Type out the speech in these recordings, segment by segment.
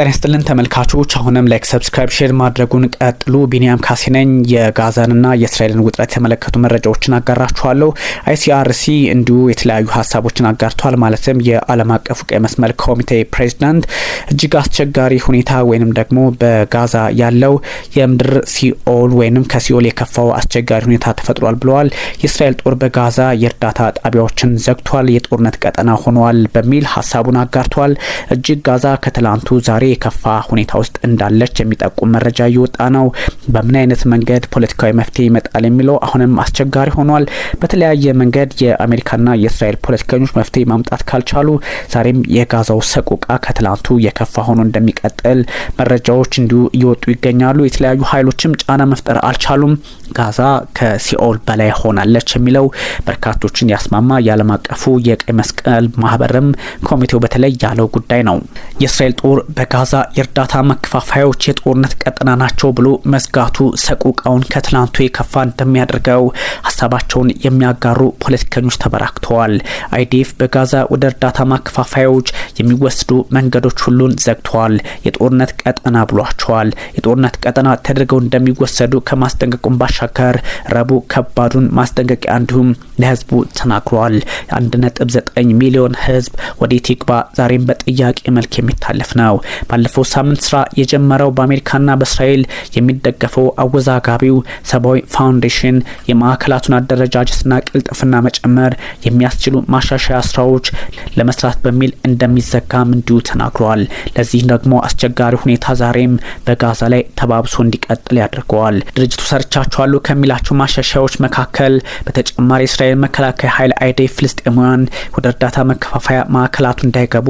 ጤና ይስጥልን ተመልካቾች፣ አሁንም ላይክ፣ ሰብስክራይብ፣ ሼር ማድረጉን ቀጥሉ። ቢኒያም ካሴ ነኝ። የጋዛንና የእስራኤልን ውጥረት የተመለከቱ መረጃዎችን አጋራችኋለሁ። አይሲአርሲ እንዲሁ የተለያዩ ሀሳቦችን አጋርቷል። ማለትም የዓለም አቀፉ ቀይ መስመር ኮሚቴ ፕሬዚዳንት እጅግ አስቸጋሪ ሁኔታ ወይንም ደግሞ በጋዛ ያለው የምድር ሲኦል ወይንም ከሲኦል የከፋው አስቸጋሪ ሁኔታ ተፈጥሯል ብለዋል። የእስራኤል ጦር በጋዛ የእርዳታ ጣቢያዎችን ዘግቷል፣ የጦርነት ቀጠና ሆኗል በሚል ሀሳቡን አጋርቷል። እጅግ ጋዛ ከትላንቱ ዛሬ የከፋ ሁኔታ ውስጥ እንዳለች የሚጠቁም መረጃ እየወጣ ነው። በምን አይነት መንገድ ፖለቲካዊ መፍትሄ ይመጣል የሚለው አሁንም አስቸጋሪ ሆኗል። በተለያየ መንገድ የአሜሪካና የእስራኤል ፖለቲከኞች መፍትሄ ማምጣት ካልቻሉ ዛሬም የጋዛው ሰቆቃ ከትላንቱ የከፋ ሆኖ እንደሚቀጥል መረጃዎች እንዲሁ እየወጡ ይገኛሉ። የተለያዩ ኃይሎችም ጫና መፍጠር አልቻሉም። ጋዛ ከሲኦል በላይ ሆናለች የሚለው በርካቶችን ያስማማ የዓለም አቀፉ የቀይ መስቀል ማህበርም ኮሚቴው በተለይ ያለው ጉዳይ ነው። የእስራኤል ጦር በጋ ጋዛ የእርዳታ መከፋፈያዎች የጦርነት ቀጠና ናቸው ብሎ መዝጋቱ ሰቁቃውን ከትላንቱ የከፋ እንደሚያደርገው ሀሳባቸውን የሚያጋሩ ፖለቲከኞች ተበራክተዋል። አይዲኤፍ በጋዛ ወደ እርዳታ ማከፋፈያዎች የሚወስዱ መንገዶች ሁሉን ዘግተዋል፣ የጦርነት ቀጠና ብሏቸዋል። የጦርነት ቀጠና ተደርገው እንደሚወሰዱ ከማስጠንቀቁን ባሻገር ረቡዕ ከባዱን ማስጠንቀቂያ እንዲሁም ለህዝቡ ተናግሯል። አንድ ነጥብ ዘጠኝ ሚሊዮን ህዝብ ወዴት ይግባ ዛሬም በጥያቄ መልክ የሚታለፍ ነው። ባለፈው ሳምንት ስራ የጀመረው በአሜሪካና በእስራኤል የሚደገፈው አወዛጋቢው ሰብአዊ ፋውንዴሽን የማዕከላቱን አደረጃጀትና ቅልጥፍና መጨመር የሚያስችሉ ማሻሻያ ስራዎች ለመስራት በሚል እንደሚዘጋም እንዲሁ ተናግረዋል። ለዚህ ደግሞ አስቸጋሪ ሁኔታ ዛሬም በጋዛ ላይ ተባብሶ እንዲቀጥል ያደርገዋል። ድርጅቱ ሰርቻቸዋሉ ከሚላቸው ማሻሻያዎች መካከል በተጨማሪ የእስራኤል መከላከያ ኃይል አይዴ ፍልስጤማውያን ወደ እርዳታ መከፋፈያ ማዕከላቱ እንዳይገቡ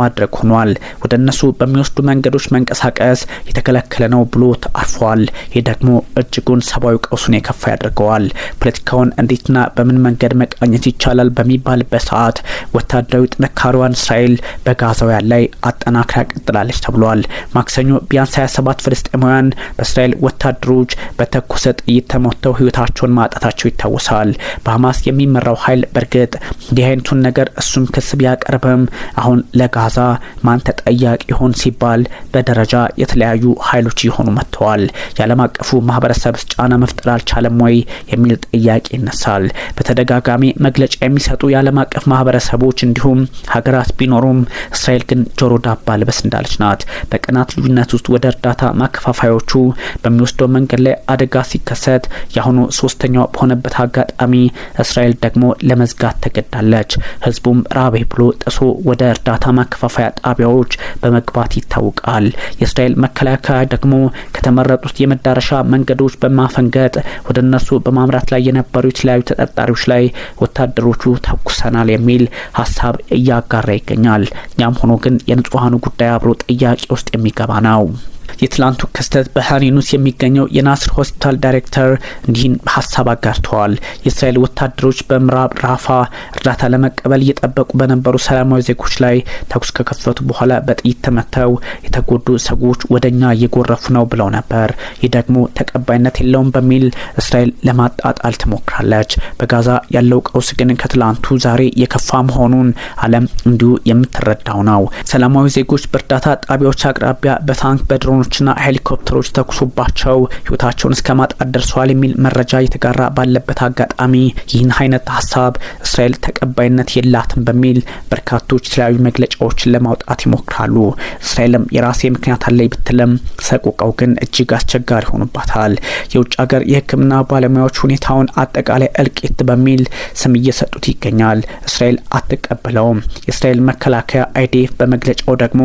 ማድረግ ሆኗል። ወደ እነሱ በሚወስዱ መንገዶች መንቀሳቀስ የተከለከለ ነው ብሎ ተአርፏል። ይህ ደግሞ እጅጉን ሰብአዊ ቀውሱን የከፋ ያደርገዋል። ፖለቲካውን እንዴትና በምን መንገድ መቃኘት ይቻላል በሚባልበት ሰዓት ወታደራዊ ጥንካሬዋን እስራኤል በጋዛውያን ላይ አጠናክራ ቀጥላለች ተብሏል። ማክሰኞ ቢያንስ 27 ፍልስጤማውያን በእስራኤል ወታደሮች በተኮሰ ጥይት ተሞተው ህይወታቸውን ማጣታቸው ይታወሳል። በሀማስ የሚመራው ኃይል በእርግጥ እንዲህ አይነቱን ነገር እሱም ክስ ቢያቀርብም አሁን ለጋዛ ማን ተጠያቂ ይሆን ሲባል በደረጃ የተለያዩ ኃይሎች እየሆኑ መጥተዋል። የዓለም አቀፉ ማህበረሰብስ ጫና መፍጠር አልቻለም ወይ የሚል ጥያቄ ይነሳል። በተደጋጋሚ መግለጫ የሚሰጡ የዓለም አቀፍ ማህበረሰቦች እንዲሁም ሀገራት ቢኖሩም እስራኤል ግን ጆሮ ዳባ ልበስ እንዳለች ናት። በቀናት ልዩነት ውስጥ ወደ እርዳታ ማከፋፋዮቹ በሚወስደው መንገድ ላይ አደጋ ሲከሰት የአሁኑ ሶስተኛው በሆነበት አጋጣሚ እስራኤል ደግሞ ለመዝጋት ተገዳለች። ህዝቡም ራቤ ብሎ ጥሶ ወደ እርዳታ ማከፋፈያ ጣቢያዎች በመግባት በመምራት ይታወቃል። የእስራኤል መከላከያ ደግሞ ከተመረጡት የመዳረሻ መንገዶች በማፈንገጥ ወደ እነሱ በማምራት ላይ የነበሩ የተለያዩ ተጠርጣሪዎች ላይ ወታደሮቹ ተኩሰናል የሚል ሀሳብ እያጋራ ይገኛል። ያም ሆኖ ግን የንጹሐኑ ጉዳይ አብሮ ጥያቄ ውስጥ የሚገባ ነው። የትላንቱ ክስተት በሀሪን የሚገኘው የናስር ሆስፒታል ዳይሬክተር እንዲህን ሀሳብ አጋርተዋል። የእስራኤል ወታደሮች በምዕራብ ራፋ እርዳታ ለመቀበል እየጠበቁ በነበሩ ሰላማዊ ዜጎች ላይ ተኩስ ከከፈቱ በኋላ በጥይት ተመተው የተጎዱ ሰዎች ወደ እኛ እየጎረፉ ነው ብለው ነበር። ይህ ደግሞ ተቀባይነት የለውም በሚል እስራኤል ለማጣጣል ትሞክራለች። በጋዛ ያለው ቀውስ ግን ከትላንቱ ዛሬ የከፋ መሆኑን ዓለም እንዲሁ የምትረዳው ነው። ሰላማዊ ዜጎች በእርዳታ ጣቢያዎች አቅራቢያ በታንክ በድሮን ድሮኖችና ሄሊኮፕተሮች ተኩሶባቸው ህይወታቸውን እስከ ማጣት ደርሰዋል የሚል መረጃ እየተጋራ ባለበት አጋጣሚ ይህን አይነት ሀሳብ እስራኤል ተቀባይነት የላትም በሚል በርካቶች የተለያዩ መግለጫዎችን ለማውጣት ይሞክራሉ። እስራኤልም የራሴ ምክንያት አለኝ ብትልም ሰቆቃው ግን እጅግ አስቸጋሪ ሆኑባታል። የውጭ ሀገር የህክምና ባለሙያዎች ሁኔታውን አጠቃላይ እልቂት በሚል ስም እየሰጡት ይገኛል። እስራኤል አትቀበለውም። የእስራኤል መከላከያ አይዲኤፍ በመግለጫው ደግሞ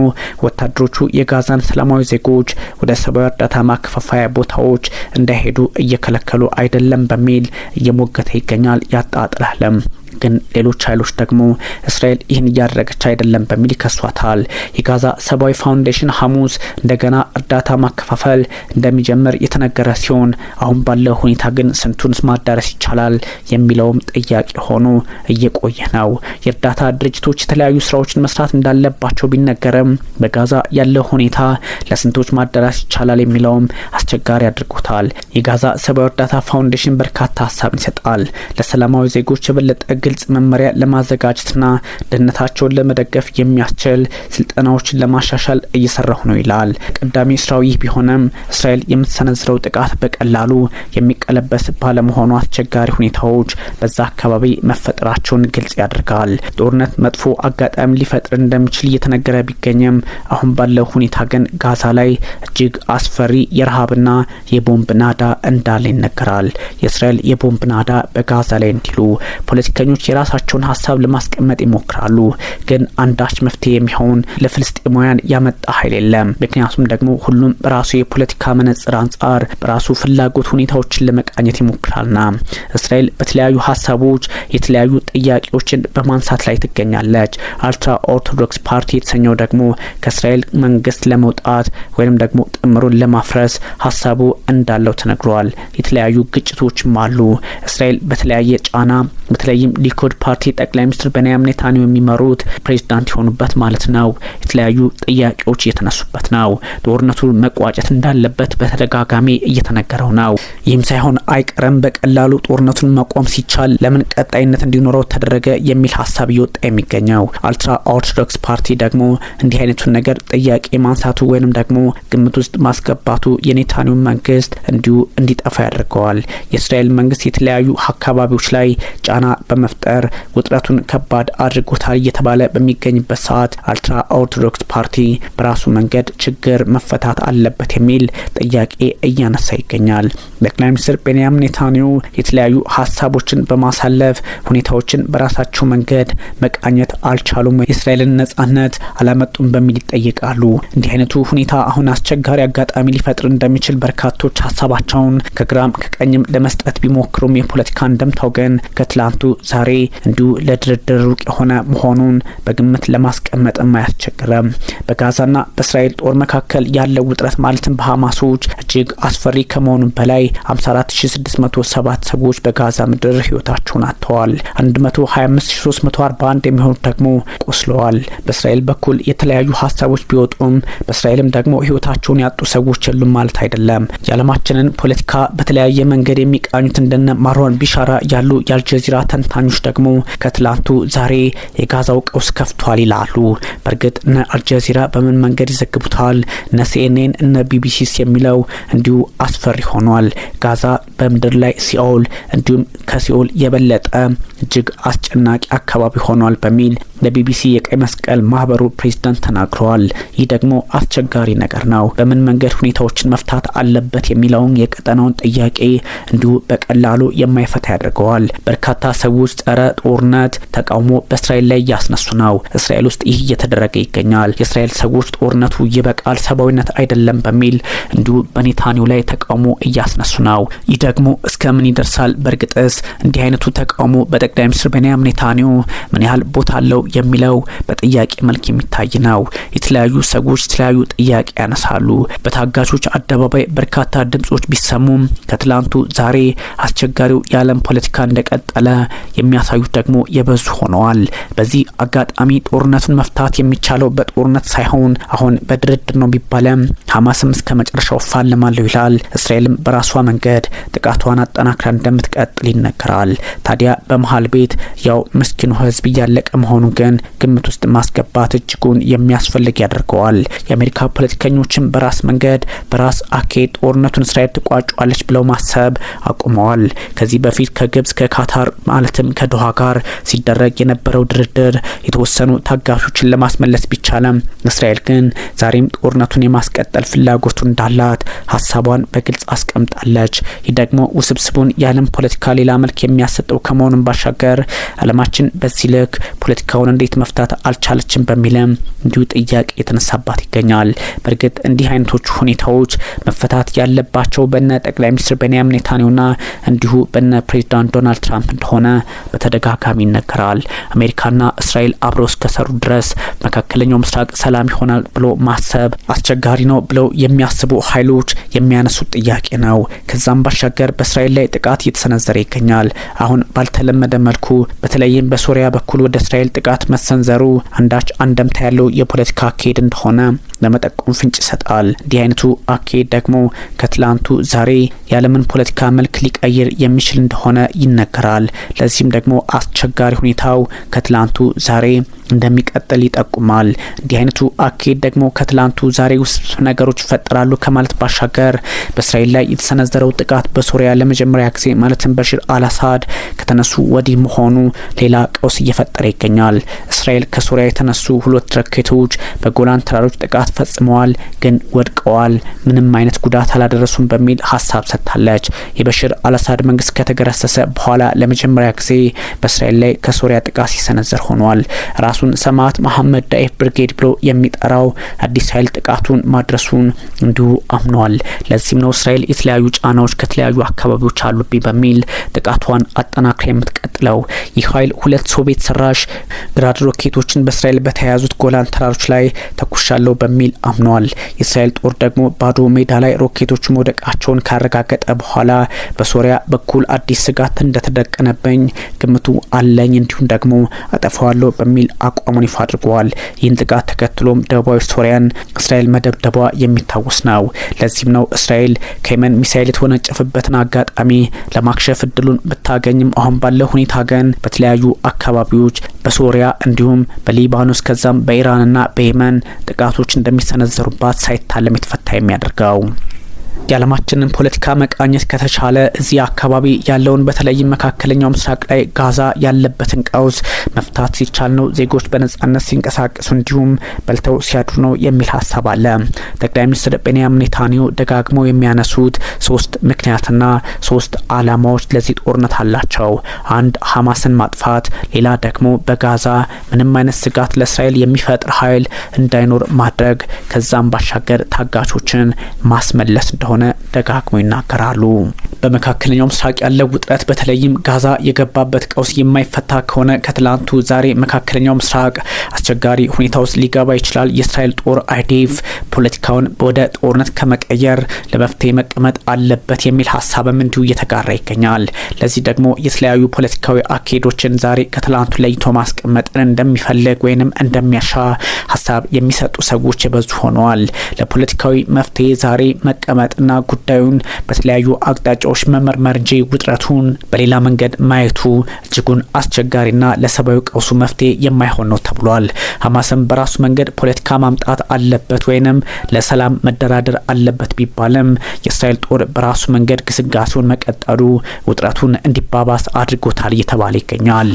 ወታደሮቹ የጋዛን ሰላማዊ ዜጎ ሰዎች ወደ ሰብአዊ እርዳታ ማከፋፈያ ቦታዎች እንዳይሄዱ እየከለከሉ አይደለም በሚል እየሞገተ ይገኛል። ያጣጥላለም ግን ሌሎች ኃይሎች ደግሞ እስራኤል ይህን እያደረገች አይደለም በሚል ይከሷታል። የጋዛ ሰብአዊ ፋውንዴሽን ሐሙስ እንደገና እርዳታ ማከፋፈል እንደሚጀምር የተነገረ ሲሆን አሁን ባለው ሁኔታ ግን ስንቱንስ ማዳረስ ይቻላል የሚለውም ጥያቄ ሆኖ እየቆየ ነው። የእርዳታ ድርጅቶች የተለያዩ ስራዎችን መስራት እንዳለባቸው ቢነገርም በጋዛ ያለው ሁኔታ ለስንቶች ማዳረስ ይቻላል የሚለውም አስቸጋሪ አድርጎታል። የጋዛ ሰብአዊ እርዳታ ፋውንዴሽን በርካታ ሀሳብን ይሰጣል። ለሰላማዊ ዜጎች የበለጠ ግልጽ መመሪያ ለማዘጋጀትና ደህንነታቸውን ለመደገፍ የሚያስችል ስልጠናዎችን ለማሻሻል እየሰራሁ ነው ይላል። ቀዳሚ ስራው ይህ ቢሆንም እስራኤል የምትሰነዝረው ጥቃት በቀላሉ የሚቀለበስ ባለመሆኑ አስቸጋሪ ሁኔታዎች በዛ አካባቢ መፈጠራቸውን ግልጽ ያደርጋል። ጦርነት መጥፎ አጋጣሚ ሊፈጥር እንደሚችል እየተነገረ ቢገኝም አሁን ባለው ሁኔታ ግን ጋዛ ላይ እጅግ አስፈሪ የረሃብና የቦምብ ናዳ እንዳለ ይነገራል። የእስራኤል የቦምብ ናዳ በጋዛ ላይ እንዲሉ ፖለቲከኞች ፍልስጤሞች የራሳቸውን ሀሳብ ለማስቀመጥ ይሞክራሉ፣ ግን አንዳች መፍትሄ የሚሆን ለፍልስጤማውያን ያመጣ ኃይል የለም። ምክንያቱም ደግሞ ሁሉም በራሱ የፖለቲካ መነጽር አንጻር በራሱ ፍላጎት ሁኔታዎችን ለመቃኘት ይሞክራልና እስራኤል በተለያዩ ሀሳቦች የተለያዩ ጥያቄዎችን በማንሳት ላይ ትገኛለች። አልትራ ኦርቶዶክስ ፓርቲ የተሰኘው ደግሞ ከእስራኤል መንግስት ለመውጣት ወይም ደግሞ ጥምሩን ለማፍረስ ሀሳቡ እንዳለው ተነግሯል። የተለያዩ ግጭቶችም አሉ። እስራኤል በተለያየ ጫና በተለይም ሊኩድ ፓርቲ ጠቅላይ ሚኒስትር ቤንያሚን ኔታንያሁ የሚመሩት ፕሬዚዳንት የሆኑበት ማለት ነው። የተለያዩ ጥያቄዎች እየተነሱበት ነው። ጦርነቱ መቋጨት እንዳለበት በተደጋጋሚ እየተነገረው ነው። ይህም ሳይሆን አይቀርም በቀላሉ ጦርነቱን መቆም ሲቻል ለምን ቀጣይነት እንዲኖረው ተደረገ የሚል ሀሳብ እየወጣ የሚገኘው አልትራ ኦርቶዶክስ ፓርቲ ደግሞ እንዲህ አይነቱን ነገር ጥያቄ ማንሳቱ ወይንም ደግሞ ግምት ውስጥ ማስገባቱ የኔታንያሁ መንግስት እንዲሁ እንዲጠፋ ያደርገዋል። የእስራኤል መንግስት የተለያዩ አካባቢዎች ላይ ጫና በመፍ መፍጠር ውጥረቱን ከባድ አድርጎታል እየተባለ በሚገኝበት ሰዓት አልትራ ኦርቶዶክስ ፓርቲ በራሱ መንገድ ችግር መፈታት አለበት የሚል ጥያቄ እያነሳ ይገኛል። ጠቅላይ ሚኒስትር ቤንያም ኔታንያሁ የተለያዩ ሀሳቦችን በማሳለፍ ሁኔታዎችን በራሳቸው መንገድ መቃኘት አልቻሉም፣ የእስራኤልን ነጻነት አላመጡም በሚል ይጠየቃሉ። እንዲህ አይነቱ ሁኔታ አሁን አስቸጋሪ አጋጣሚ ሊፈጥር እንደሚችል በርካቶች ሀሳባቸውን ከግራም ከቀኝም ለመስጠት ቢሞክሩም የፖለቲካ እንደምታው ግን ከትላንቱ ዛ ዛሬ እንዲሁ ለድርድር ሩቅ የሆነ መሆኑን በግምት ለማስቀመጥ አያስቸግረም። በጋዛና በእስራኤል ጦር መካከል ያለው ውጥረት ማለትም በሀማሶች እጅግ አስፈሪ ከመሆኑ በላይ 54607 ሰዎች በጋዛ ምድር ህይወታቸውን አጥተዋል። 125341 የሚሆኑ ደግሞ ቆስለዋል። በእስራኤል በኩል የተለያዩ ሀሳቦች ቢወጡም በእስራኤልም ደግሞ ህይወታቸውን ያጡ ሰዎች የሉም ማለት አይደለም። የዓለማችንን ፖለቲካ በተለያየ መንገድ የሚቃኙት እንደነ ማርዋን ቢሻራ ያሉ የአልጀዚራ ተንታኞች ወገኖች ደግሞ ከትላንቱ ዛሬ የጋዛው ቀውስ ከፍቷል ይላሉ። በእርግጥ እነ አልጀዚራ በምን መንገድ ይዘግቡታል? እነ ሲኤንኤን እነ ቢቢሲስ የሚለው እንዲሁ አስፈሪ ሆኗል። ጋዛ በምድር ላይ ሲኦል እንዲሁም ከሲኦል የበለጠ እጅግ አስጨናቂ አካባቢ ሆኗል በሚል ለቢቢሲ የቀይ መስቀል ማህበሩ ፕሬዚዳንት ተናግረዋል። ይህ ደግሞ አስቸጋሪ ነገር ነው። በምን መንገድ ሁኔታዎችን መፍታት አለበት የሚለውን የቀጠናውን ጥያቄ እንዲሁ በቀላሉ የማይፈታ ያደርገዋል። በርካታ ሰዎች ጸረ ጦርነት ተቃውሞ በእስራኤል ላይ እያስነሱ ነው። እስራኤል ውስጥ ይህ እየተደረገ ይገኛል። የእስራኤል ሰዎች ጦርነቱ ይበቃል፣ ሰብአዊነት አይደለም በሚል እንዲሁ በኔታኒው ላይ ተቃውሞ እያስነሱ ነው። ይህ ደግሞ እስከ ምን ይደርሳል? በእርግጥስ እንዲህ አይነቱ ተቃውሞ በጠቅላይ ሚኒስትር ቤንያሚን ኔታኒው ምን ያህል ቦታ አለው የሚለው በጥያቄ መልክ የሚታይ ነው። የተለያዩ ሰዎች የተለያዩ ጥያቄ ያነሳሉ። በታጋቾች አደባባይ በርካታ ድምጾች ቢሰሙም ከትላንቱ ዛሬ አስቸጋሪው የዓለም ፖለቲካ እንደቀጠለ የሚያሳዩት ደግሞ የበዙ ሆነዋል። በዚህ አጋጣሚ ጦርነቱን መፍታት የሚቻለው በጦርነት ሳይሆን አሁን በድርድር ነው ቢባለም ሀማስም እስከ መጨረሻው ፋለማለሁ ይላል። እስራኤልም በራሷ መንገድ ጥቃቷን አጠናክራ እንደምትቀጥል ይነገራል። ታዲያ በመሀል ቤት ያው ምስኪኑ ህዝብ እያለቀ መሆኑ ግን ግምት ግንኙነት ውስጥ ማስገባት እጅጉን የሚያስፈልግ ያደርገዋል። የአሜሪካ ፖለቲከኞችን በራስ መንገድ በራስ አኬ ጦርነቱን እስራኤል ትቋጫዋለች ብለው ማሰብ አቁመዋል። ከዚህ በፊት ከግብጽ ከካታር ማለትም ከዶሃ ጋር ሲደረግ የነበረው ድርድር የተወሰኑ ታጋሾችን ለማስመለስ ቢቻለም እስራኤል ግን ዛሬም ጦርነቱን የማስቀጠል ፍላጎቱ እንዳላት ሀሳቧን በግልጽ አስቀምጣለች። ይህ ደግሞ ውስብስቡን የዓለም ፖለቲካ ሌላ መልክ የሚያሰጠው ከመሆኑን ባሻገር አለማችን በዚህ ልክ ፖለቲካውን እንዴት መፍታት አልቻለችም በሚልም እንዲሁ ጥያቄ የተነሳባት ይገኛል። በእርግጥ እንዲህ አይነቶቹ ሁኔታዎች መፈታት ያለባቸው በነ ጠቅላይ ሚኒስትር ቤንያሚን ኔታንያሁና እንዲሁ በነ ፕሬዚዳንት ዶናልድ ትራምፕ እንደሆነ በተደጋጋሚ ይነገራል። አሜሪካና እስራኤል አብረው እስከሰሩ ድረስ መካከለኛው ምስራቅ ሰላም ይሆናል ብሎ ማሰብ አስቸጋሪ ነው ብለው የሚያስቡ ኃይሎች የሚያነሱት ጥያቄ ነው። ከዛም ባሻገር በእስራኤል ላይ ጥቃት እየተሰነዘረ ይገኛል። አሁን ባልተለመደ መልኩ በተለይም በሶሪያ በኩል ወደ እስራኤል ጥቃት መሰንዘሩ አንዳች አንደምታ ያለው የፖለቲካ አካሄድ እንደሆነ ለመጠቆም ፍንጭ ይሰጣል። እንዲህ አይነቱ አካሄድ ደግሞ ከትላንቱ ዛሬ የዓለምን ፖለቲካ መልክ ሊቀይር የሚችል እንደሆነ ይነገራል። ለዚህም ደግሞ አስቸጋሪ ሁኔታው ከትላንቱ ዛሬ እንደሚቀጥል ይጠቁማል። እንዲህ አይነቱ አካሄድ ደግሞ ከትላንቱ ዛሬ ውስብስብ ነገሮች ይፈጠራሉ ከማለት ባሻገር ነበር። በእስራኤል ላይ የተሰነዘረው ጥቃት በሶሪያ ለመጀመሪያ ጊዜ ማለትም በሽር አልአሳድ ከተነሱ ወዲህ መሆኑ ሌላ ቀውስ እየፈጠረ ይገኛል። እስራኤል ከሶሪያ የተነሱ ሁለት ረኬቶች በጎላን ተራሮች ጥቃት ፈጽመዋል፣ ግን ወድቀዋል፣ ምንም አይነት ጉዳት አላደረሱም በሚል ሀሳብ ሰጥታለች። የበሽር አልአሳድ መንግስት ከተገረሰሰ በኋላ ለመጀመሪያ ጊዜ በእስራኤል ላይ ከሶሪያ ጥቃት ሲሰነዘር ሆኗል። ራሱን ሰማዕት መሐመድ ዳኤፍ ብርጌድ ብሎ የሚጠራው አዲስ ኃይል ጥቃቱን ማድረሱን እንዲሁ አምኗል። ለዚህም ነው እስራኤል የተለያዩ ጫናዎች ከተለያዩ አካባቢዎች አሉብኝ በሚል ጥቃቷን አጠናክራ የምትቀጥለው። ይህ ኃይል ሁለት ሶቪየት ሰራሽ ግራድ ሮኬቶችን በእስራኤል በተያያዙት ጎላን ተራሮች ላይ ተኩሻለሁ በሚል አምኗል። የእስራኤል ጦር ደግሞ ባዶ ሜዳ ላይ ሮኬቶች መውደቃቸውን ካረጋገጠ በኋላ በሶሪያ በኩል አዲስ ስጋት እንደተደቀነበኝ ግምቱ አለኝ እንዲሁም ደግሞ አጠፋዋለሁ በሚል አቋሙን ይፋ አድርገዋል። ይህን ጥቃት ተከትሎም ደቡባዊ ሶሪያን እስራኤል መደብደቧ የሚታወስ ነው። ለዚህም ነው እስራኤል ከየመን ሚሳኤል የተወነጨፈበትን አጋጣሚ ለማክሸፍ እድሉን ብታገኝም አሁን ባለው ሁኔታ ግን በተለያዩ አካባቢዎች በሶሪያ እንዲሁም በሊባኖስ ከዛም በኢራንና በየመን ጥቃቶች እንደሚሰነዘሩባት ሳይታለም የተፈታ የሚያደርገው የዓለማችንን ፖለቲካ መቃኘት ከተቻለ እዚህ አካባቢ ያለውን በተለይም መካከለኛው ምስራቅ ላይ ጋዛ ያለበትን ቀውስ መፍታት ሲቻል ነው ዜጎች በነጻነት ሲንቀሳቀሱ እንዲሁም በልተው ሲያድሩ ነው የሚል ሀሳብ አለ። ጠቅላይ ሚኒስትር ቤንያሚን ኔታንያሁ ደጋግመው የሚያነሱት ሶስት ምክንያትና ሶስት አላማዎች ለዚህ ጦርነት አላቸው። አንድ ሀማስን ማጥፋት፣ ሌላ ደግሞ በጋዛ ምንም አይነት ስጋት ለእስራኤል የሚፈጥር ኃይል እንዳይኖር ማድረግ፣ ከዛም ባሻገር ታጋቾችን ማስመለስ እንደሆነ ደጋግሞ ይናገራሉ። በመካከለኛው ምስራቅ ያለው ውጥረት በተለይም ጋዛ የገባበት ቀውስ የማይፈታ ከሆነ ከትላንቱ ዛሬ መካከለኛው ምስራቅ አስቸጋሪ ሁኔታ ውስጥ ሊገባ ይችላል። የእስራኤል ጦር አይዲፍ ፖለቲካውን ወደ ጦርነት ከመቀየር ለመፍትሄ መቀመጥ አለበት የሚል ሀሳብም እንዲሁ እየተጋራ ይገኛል። ለዚህ ደግሞ የተለያዩ ፖለቲካዊ አካሄዶችን ዛሬ ከትላንቱ ለይቶ ማስቀመጥን እንደሚፈልግ ወይንም እንደሚያሻ ሀሳብ የሚሰጡ ሰዎች የበዙ ሆነዋል። ለፖለቲካዊ መፍትሄ ዛሬ መቀመጥ ማዳመጥና ጉዳዩን በተለያዩ አቅጣጫዎች መመርመር እንጂ ውጥረቱን በሌላ መንገድ ማየቱ እጅጉን አስቸጋሪና ለሰብአዊ ቀውሱ መፍትሄ የማይሆን ነው ተብሏል። ሀማስም በራሱ መንገድ ፖለቲካ ማምጣት አለበት ወይንም ለሰላም መደራደር አለበት ቢባልም የእስራኤል ጦር በራሱ መንገድ ግስጋሴውን መቀጠሉ ውጥረቱን እንዲባባስ አድርጎታል እየተባለ ይገኛል።